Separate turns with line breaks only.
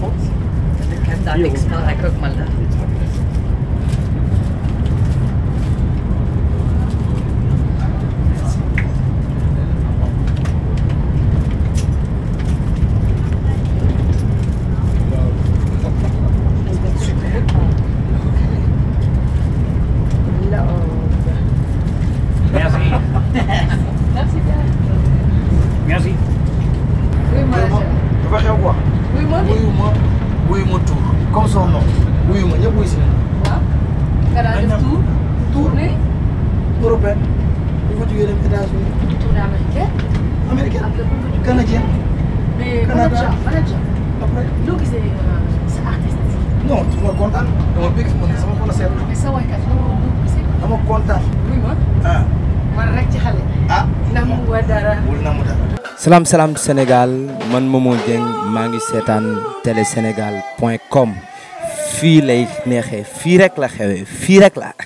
groß. Ich kann da nichts machen, guck mal da. Merci. Merci. Merci. comme son nom wuyu ma ñëpp wuyu si nañu. waaw. nga daal def tour tournée. européen bu fa jógee dem États-Unis. tournée américaine. américaine canadienne. mais manager manager. après loo gisee euh, sa artiste. non ma. Ah. rek ci xale. ah ndax mu dara. wala naa dara. salaam salaam Sénégal man Momo Dieng maa ngi seetaan télé sénégal point com fii lay neexee fii rek la xewe fii rek la